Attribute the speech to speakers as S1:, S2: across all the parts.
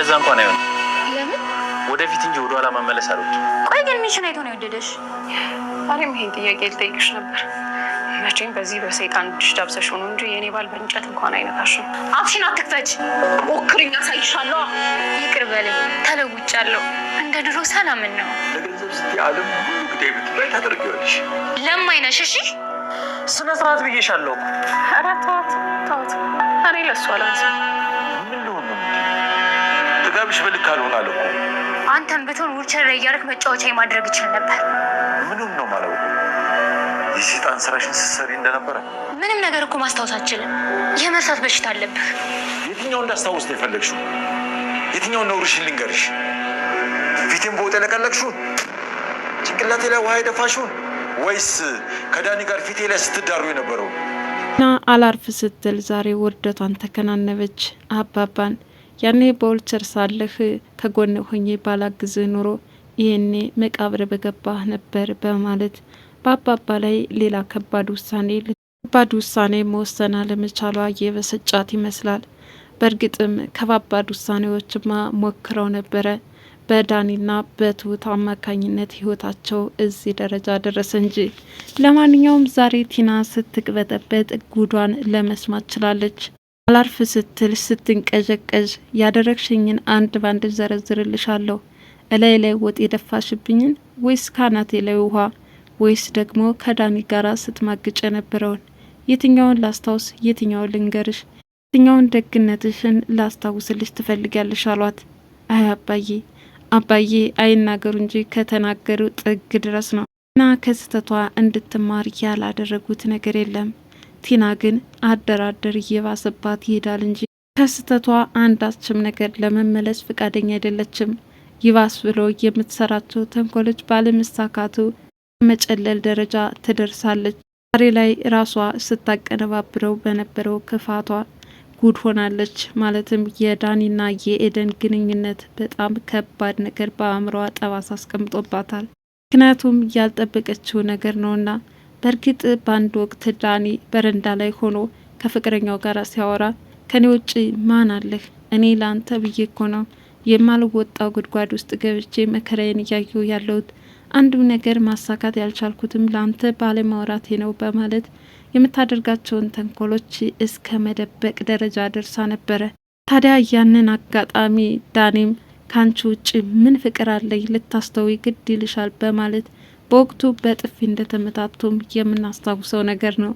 S1: እንደዛ እንኳን አይሆን ለምን ወደፊት እንጂ ወደ ኋላ መመለስ አሉት።
S2: ቆይ ግን ሚሽን አይቶ ነው የወደደሽ?
S3: አሬም ይሄን ጥያቄ ልጠይቅሽ ነበር። መቼም በዚህ በሰይጣን እጅሽ ዳብሰሽ ሆኖ እንጂ የእኔ ባል በእንጨት እንኳን አይነካሽም።
S2: አፍሽን አትክፈች፣ ሞክሪኝ፣ አሳይሻለሁ። ይቅር በለኝ፣ ተለውጫለሁ። እንደ ድሮ ሰላምን ነው
S1: ለገንዘብ ስቲ አለም ሁሉ ግዴ ብትላይ ታደርጊዋለሽ።
S2: ለማይነሽ እሺ፣
S1: ስነ ስርዓት ብዬሻለሁ።
S2: ኧረ ተዋት ተዋት፣ እኔ ለሱ አላንስም
S1: ጥጋብሽ በልክ አልሆናል እኮ።
S2: አንተም ብትሆን ውልቸር ላይ እያደረክ መጫወቻ ማድረግ ይችል ነበር።
S1: ምንም ነው ማለት የሴጣን ስራሽን ስትሰሪ እንደነበረ
S2: ምንም ነገር እኮ ማስታወስ አችልም። የመርሳት በሽታ አለብህ።
S1: የትኛው እንዳስታወስ ነው የፈለግሽው? የትኛው ነውርሽን ልንገርሽ? ፊቴን በወጥ የለቀለቅሽውን፣ ጭንቅላቴ ላይ ውሃ የደፋሽውን፣ ወይስ ከዳኒ ጋር ፊቴ ላይ ስትዳሩ የነበረው
S4: ና አላርፍ ስትል ዛሬ ውርደቷን ተከናነበች አባባን ያኔ በወልቸር ሳለህ ከጎን ሆኜ ባላግዝህ ኑሮ ይህኔ መቃብር በገባህ ነበር በማለት በአባባ ላይ ሌላ ከባድ ውሳኔ ከባድ ውሳኔ መወሰን አለመቻሏ የበሰጫት ይመስላል። በእርግጥም ከባባድ ውሳኔዎችማ ሞክረው ነበረ። በዳኒና በትሁት አማካኝነት ህይወታቸው እዚህ ደረጃ ደረሰ እንጂ። ለማንኛውም ዛሬ ቲና ስትቅበጠበጥ ጉዷን ለመስማት ችላለች። አላርፍ ስትል ስትንቀዠቀዥ ያደረግሽኝን አንድ ባንድ ዘረዝርልሻለሁ። እላይ ላይ ወጥ የደፋሽብኝን ወይስ ካናቴ ላይ ውሃ ወይስ ደግሞ ከዳኒ ጋራ ስትማግጭ የነበረውን የትኛውን ላስታውስ? የትኛውን ልንገርሽ? የትኛውን ደግነትሽን ላስታውስልሽ ትፈልጊያለሽ? አሏት። አይ አባዬ አባዬ አይናገሩ እንጂ ከተናገሩ ጥግ ድረስ ነው እና ከስህተቷ እንድትማር ያላደረጉት ነገር የለም። ቲና ግን አደራደር እየባሰባት ይሄዳል እንጂ ከስህተቷ አንዳችም ነገር ለመመለስ ፈቃደኛ አይደለችም። ይባስ ብሎ የምትሰራቸው ተንኮሎች ባለመሳካቱ መጨለል ደረጃ ትደርሳለች። ዛሬ ላይ ራሷ ስታቀነባብረው በነበረው ክፋቷ ጉድ ሆናለች። ማለትም የዳኒና የኤደን ግንኙነት በጣም ከባድ ነገር በአእምሯ ጠባሳ አስቀምጦባታል። ምክንያቱም ያልጠበቀችው ነገር ነውና በእርግጥ በአንድ ወቅት ዳኒ በረንዳ ላይ ሆኖ ከፍቅረኛው ጋር ሲያወራ ከኔ ውጭ ማን አለህ? እኔ ለአንተ ብዬ እኮ ነው የማልወጣው ጉድጓድ ውስጥ ገብቼ መከራዬን እያየሁ ያለሁት አንዱ ነገር ማሳካት ያልቻልኩትም ለአንተ ባለማውራቴ ነው በማለት የምታደርጋቸውን ተንኮሎች እስከ መደበቅ ደረጃ ደርሳ ነበረ። ታዲያ ያንን አጋጣሚ ዳኔም ከአንቺ ውጭ ምን ፍቅር አለኝ ልታስተዊ ግድ ይልሻል በማለት በወቅቱ በጥፊ እንደተመታቱም የምናስታውሰው ነገር ነው።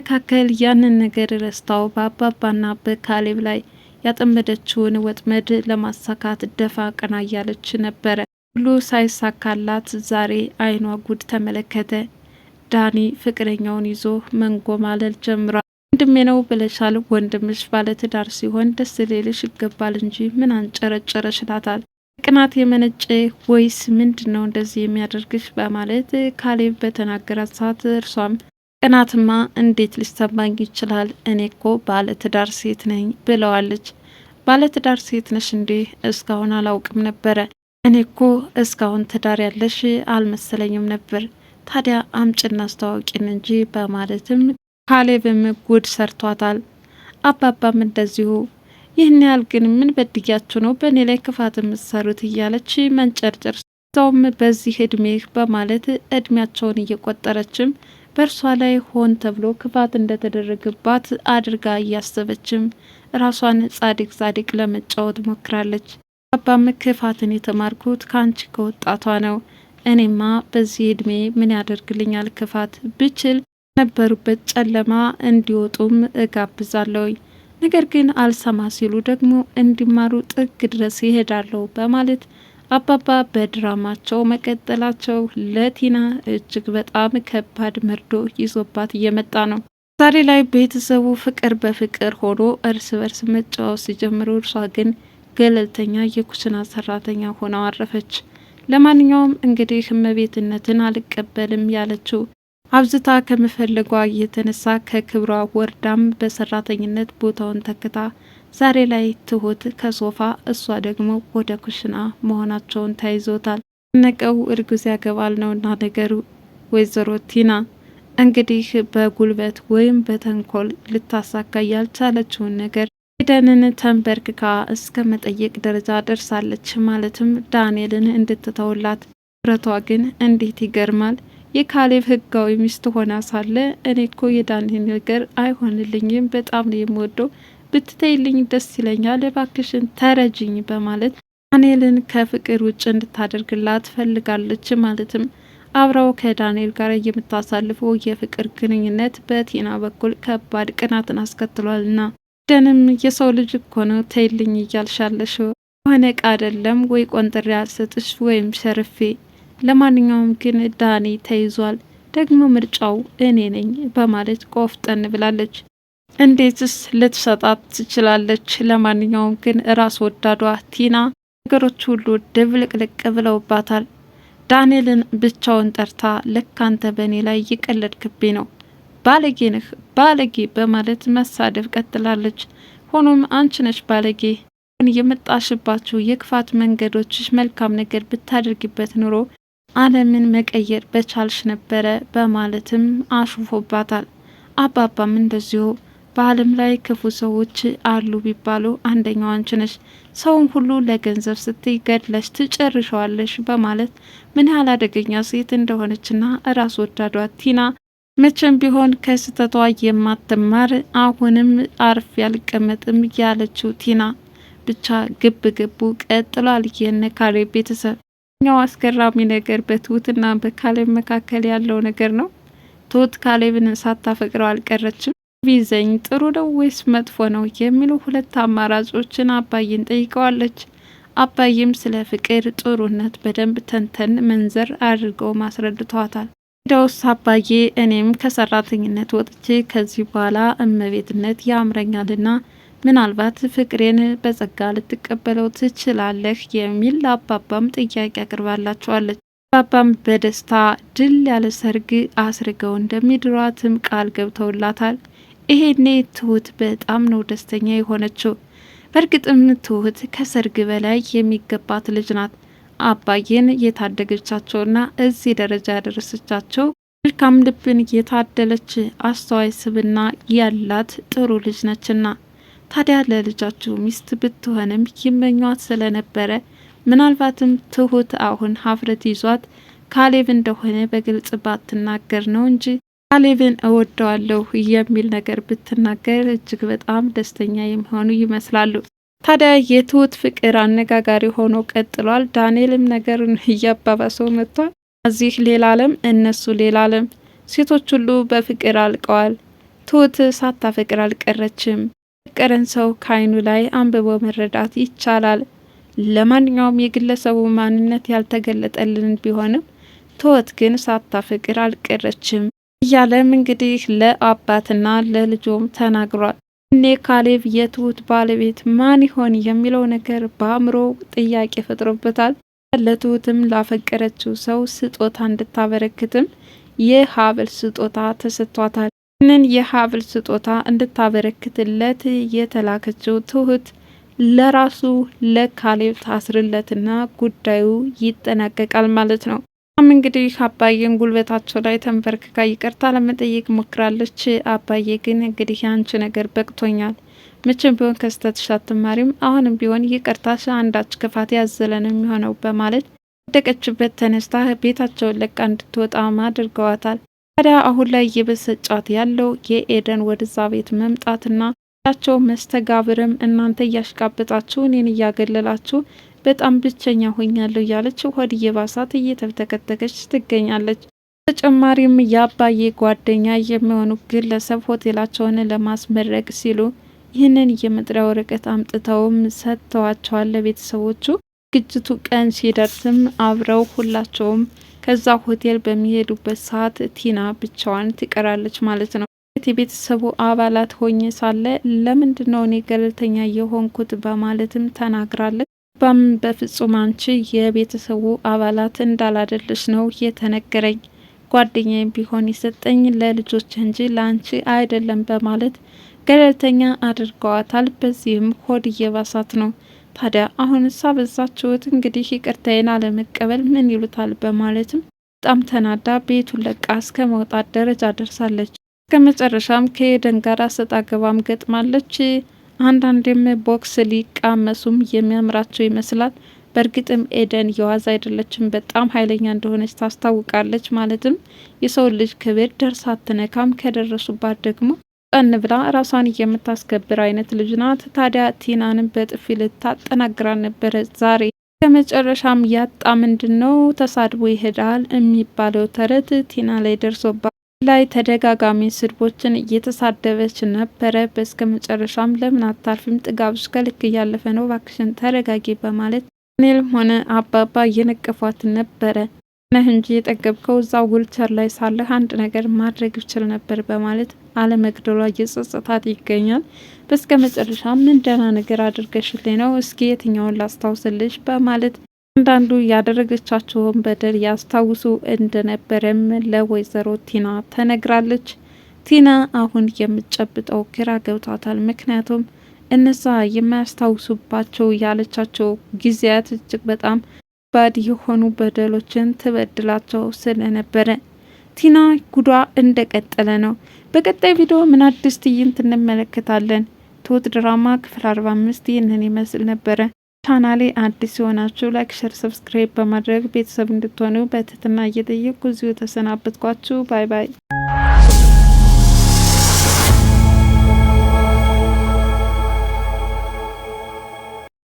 S4: መካከል ያንን ነገር ረስታው በአባባና በካሌብ ላይ ያጠመደችውን ወጥመድ ለማሳካት ደፋ ቀና እያለች ነበረ። ሁሉ ሳይሳካላት ዛሬ አይኗ ጉድ ተመለከተ። ዳኒ ፍቅረኛውን ይዞ መንጎማለል ጀምሯል። ወንድሜ ነው ብለሻል፣ ወንድምሽ ባለትዳር ሲሆን ደስ ሌልሽ ይገባል እንጂ ምን አንጨረጨረሽ? ይላታል። ቅናት የመነጨ ወይስ ምንድን ነው እንደዚህ የሚያደርግሽ በማለት ካሌብ በተናገራት ሰዓት እርሷም ቅናትማ እንዴት ሊሰማኝ ይችላል? እኔ እኮ ባለትዳር ሴት ነኝ ብለዋለች። ባለትዳር ሴት ነሽ እንዴ? እስካሁን አላውቅም ነበረ። እኔ እኮ እስካሁን ትዳር ያለሽ አልመሰለኝም ነበር። ታዲያ አምጭና አስተዋውቂን እንጂ በማለትም ካሌብም ጉድ ሰርቷታል። አባባም እንደዚሁ ይህን ያህል ግን ምን በድያችሁ ነው በእኔ ላይ ክፋት የምትሰሩት? እያለች መንጨርጨር ሰውም በዚህ እድሜ በማለት እድሜያቸውን እየቆጠረችም በእርሷ ላይ ሆን ተብሎ ክፋት እንደተደረገባት አድርጋ እያሰበችም ራሷን ጻድቅ ጻድቅ ለመጫወት ሞክራለች። አባም ክፋትን የተማርኩት ከአንቺ ከወጣቷ ነው። እኔማ በዚህ እድሜ ምን ያደርግልኛል ክፋት ብችል ነበሩበት ጨለማ እንዲወጡም እጋብዛለሁኝ ነገር ግን አልሰማ ሲሉ ደግሞ እንዲማሩ ጥግ ድረስ ይሄዳለሁ በማለት አባባ በድራማቸው መቀጠላቸው ለቲና እጅግ በጣም ከባድ መርዶ ይዞባት እየመጣ ነው። ዛሬ ላይ ቤተሰቡ ፍቅር በፍቅር ሆኖ እርስ በርስ መጫወት ሲጀምሩ፣ እርሷ ግን ገለልተኛ የኩሽና ሰራተኛ ሆነው አረፈች። ለማንኛውም እንግዲህ እመቤትነትን አልቀበልም ያለችው አብዝታ ከመፈለጓ የተነሳ ከክብሯ ወርዳም በሰራተኝነት ቦታውን ተክታ ዛሬ ላይ ትሁት ከሶፋ እሷ ደግሞ ወደ ኩሽና መሆናቸውን ተያይዞታል። ነቀው እርጉዝ ያገባል ነውና ነገሩ። ወይዘሮ ቲና እንግዲህ በጉልበት ወይም በተንኮል ልታሳካ ያልቻለችውን ነገር ኤደንን ተንበርክካ እስከ መጠየቅ ደረጃ ደርሳለች። ማለትም ዳንኤልን እንድትተውላት ብረቷ ግን እንዴት ይገርማል! የካሌብ ህጋዊ ሚስት ሆና ሳለ እኔ እኮ የዳኒን ነገር አይሆንልኝም፣ በጣም ነው የምወደው፣ ብትተይልኝ ደስ ይለኛል፣ እባክሽን ተረጅኝ በማለት ዳንኤልን ከፍቅር ውጭ እንድታደርግላት ፈልጋለች። ማለትም አብረው ከዳንኤል ጋር የምታሳልፈው የፍቅር ግንኙነት በቲና በኩል ከባድ ቅናትን አስከትሏልና ደንም የሰው ልጅ እኮ ነው ተይልኝ እያልሻለሽ የሆነ እቃ አይደለም ወይ ቆንጥሬ አልሰጥሽ ወይም ሸርፌ ለማንኛውም ግን ዳኒ ተይዟል፣ ደግሞ ምርጫው እኔ ነኝ በማለት ቆፍጠን ብላለች። እንዴትስ ልትሰጣት ትችላለች? ለማንኛውም ግን ራስ ወዳዷ ቲና ነገሮች ሁሉ ድብልቅልቅ ብለውባታል። ዳንኤልን ብቻውን ጠርታ ልክ አንተ በእኔ ላይ እየቀለድክቤ ነው፣ ባለጌ ነህ፣ ባለጌ በማለት መሳደብ ቀጥላለች። ሆኖም አንቺ ነሽ ባለጌ የመጣሽባችሁ የክፋት መንገዶችሽ መልካም ነገር ብታደርግበት ኑሮ ዓለምን መቀየር በቻልሽ ነበረ በማለትም አሹፎባታል። አባባም እንደዚሁ በዓለም ላይ ክፉ ሰዎች አሉ ቢባሉ አንደኛው አንቺ ነሽ፣ ሰውን ሁሉ ለገንዘብ ስትይ ገድለሽ ትጨርሸዋለሽ በማለት ምን ያህል አደገኛ ሴት እንደሆነችና ራስ ወዳዷ ቲና መቼም ቢሆን ከስህተቷ የማትማር አሁንም አርፍ ያልቀመጥም ያለችው ቲና ብቻ ግብ ግቡ ቀጥሏል። የነ ካሌብ ቤተሰብ ኛው አስገራሚ ነገር በትሁትና በካሌብ መካከል ያለው ነገር ነው። ትሁት ካሌብን ሳታፈቅረው አልቀረችም። ቢዘኝ ጥሩ ነው ወይስ መጥፎ ነው የሚሉ ሁለት አማራጮችን አባይን ጠይቀዋለች። አባይም ስለ ፍቅር ጥሩነት በደንብ ተንተን መንዘር አድርገው ማስረድቷታል። ደውስ አባዬ እኔም ከሰራተኝነት ወጥቼ ከዚህ በኋላ እመቤትነት ያምረኛልና ምናልባት ፍቅሬን በጸጋ ልትቀበለው ትችላለህ የሚል ለአባባም ጥያቄ አቅርባላቸዋለች። አባባም በደስታ ድል ያለ ሰርግ አስርገው እንደሚድሯትም ቃል ገብተውላታል። ይሄኔ ትሁት በጣም ነው ደስተኛ የሆነችው። በእርግጥም ትሁት ከሰርግ በላይ የሚገባት ልጅ ናት። አባዬን የታደገቻቸውና እዚህ ደረጃ ያደረሰቻቸው መልካም ልብን የታደለች አስተዋይ ስብና ያላት ጥሩ ልጅ ነችና ታዲያ ለልጃቸው ሚስት ብትሆንም ይመኟት ስለነበረ ምናልባትም ትሁት አሁን ሀፍረት ይዟት ካሌብ እንደሆነ በግልጽ ባትናገር ነው እንጂ ካሌብን እወደዋለሁ የሚል ነገር ብትናገር እጅግ በጣም ደስተኛ የሚሆኑ ይመስላሉ። ታዲያ የትሁት ፍቅር አነጋጋሪ ሆኖ ቀጥሏል። ዳንኤልም ነገሩን እያባባሰው መጥቷል። እዚህ ሌላ ዓለም፣ እነሱ ሌላ አለም ሴቶች ሁሉ በፍቅር አልቀዋል። ትሁት ሳታፈቅር አልቀረችም የፈቀረን ሰው ከአይኑ ላይ አንብቦ መረዳት ይቻላል። ለማንኛውም የግለሰቡ ማንነት ያልተገለጠልን ቢሆንም ትወት ግን ሳታፈቅር አልቀረችም እያለም እንግዲህ ለአባትና ለልጆም ተናግሯል። እኔ ካሌብ የትሁት ባለቤት ማን ይሆን የሚለው ነገር በአእምሮ ጥያቄ ፈጥሮበታል። ለትሁትም ላፈቀረችው ሰው ስጦታ እንድታበረክትም የሀብል ስጦታ ተሰጥቷታል። ይህንን የሀብል ስጦታ እንድታበረክትለት የተላከችው ትሁት ለራሱ ለካሌብ ታስርለትና ጉዳዩ ይጠናቀቃል ማለት ነው። ም እንግዲህ አባዬን ጉልበታቸው ላይ ተንበርክካ ይቅርታ ለመጠየቅ ሞክራለች። አባዬ ግን እንግዲህ የአንቺ ነገር በቅቶኛል፣ መቼም ቢሆን ከስተትሽ አትማሪም፣ አሁንም ቢሆን ይቅርታሽ አንዳች ክፋት ያዘለን የሚሆነው በማለት ወደቀችበት ተነስታ ቤታቸውን ለቃ እንድትወጣም አድርገዋታል። ታዲያ አሁን ላይ እየበሰጫት ያለው የኤደን ወደዛ ቤት መምጣትና ያቸው መስተጋብርም እናንተ እያሽቃበጣችሁ እኔን እያገለላችሁ በጣም ብቸኛ ሆኛለሁ እያለች ሆድ እየባሳት እየተብተከተከች ትገኛለች። ተጨማሪም የአባዬ ጓደኛ የሚሆኑ ግለሰብ ሆቴላቸውን ለማስመረቅ ሲሉ ይህንን የመጥሪያ ወረቀት አምጥተውም ሰጥተዋቸዋል ለቤተሰቦቹ። ግጅቱ ቀን ሲደርስም አብረው ሁላቸውም ከዛ ሆቴል በሚሄዱበት ሰዓት ቲና ብቻዋን ትቀራለች ማለት ነው። የቤተሰቡ አባላት ሆኜ ሳለ ለምንድን ነው እኔ ገለልተኛ የሆንኩት በማለትም ተናግራለች። ባም በፍጹም አንቺ የቤተሰቡ አባላት እንዳላደለች ነው የተነገረኝ። ጓደኛ ቢሆን የሰጠኝ ለልጆች እንጂ ለአንቺ አይደለም በማለት ገለልተኛ አድርገዋታል። በዚህም ሆድ እየባሳት ነው ታዲያ አሁን እሳ በዛችሁት እንግዲህ ይቅርታዬን አለመቀበል ምን ይሉታል በማለትም በጣም ተናዳ ቤቱን ለቃ እስከ መውጣት ደረጃ ደርሳለች። እስከ መጨረሻም ከኤደን ጋር ሰጣ ገባም ገጥማለች። አንዳንድም ቦክስ ሊቃመሱም የሚያምራቸው ይመስላል። በእርግጥም ኤደን የዋዝ አይደለችም። በጣም ኃይለኛ እንደሆነች ታስታውቃለች። ማለትም የሰው ልጅ ክብር ደርሳ አትነካም። ከደረሱባት ደግሞ ቀን ብላ ራሷን የምታስከብር አይነት ልጅ ናት። ታዲያ ቲናንም በጥፊ ልታጠናግራ ነበረ ዛሬ። ከመጨረሻም ያጣ ምንድን ነው ተሳድቦ ይሄዳል የሚባለው ተረት ቲና ላይ ደርሶባት ላይ ተደጋጋሚ ስድቦችን እየተሳደበች ነበረ። በስከ መጨረሻም ለምን አታርፊም? ጥጋብሽ ከልክ እያለፈ ነው፣ እባክሽን ተረጋጊ በማለት ኔልም ሆነ አባባ እየነቀፏት ነበረ። ነህ እንጂ የጠገብከው እዛው ጉልቸር ላይ ሳለህ አንድ ነገር ማድረግ ይችል ነበር በማለት አለመግደሏ እየጸጸታት ይገኛል። በስከ መጨረሻ ምን ደህና ነገር አድርገሽልኝ ነው? እስኪ የትኛውን ላስታውስልሽ? በማለት አንዳንዱ ያደረገቻቸውን በደል ያስታውሱ እንደነበረም ለወይዘሮ ቲና ተነግራለች። ቲና አሁን የምጨብጠው ግራ ገብቷታል። ምክንያቱም እነዛ የማያስታውሱባቸው ያለቻቸው ጊዜያት እጅግ በጣም ከባድ የሆኑ በደሎችን ትበድላቸው ስለነበረ ቲና ጉዷ እንደቀጠለ ነው። በቀጣይ ቪዲዮ ምን አዲስ ትዕይንት እንመለከታለን? ትሁት ድራማ ክፍል 45 ይህንን ይመስል ነበረ። ቻናሌ አዲስ የሆናችሁ ላይክ፣ ሸር፣ ሰብስክራይብ በማድረግ ቤተሰብ እንድትሆኑ በትህትና እየጠየቅኩ እዚሁ ተሰናበትኳችሁ። ባይ ባይ።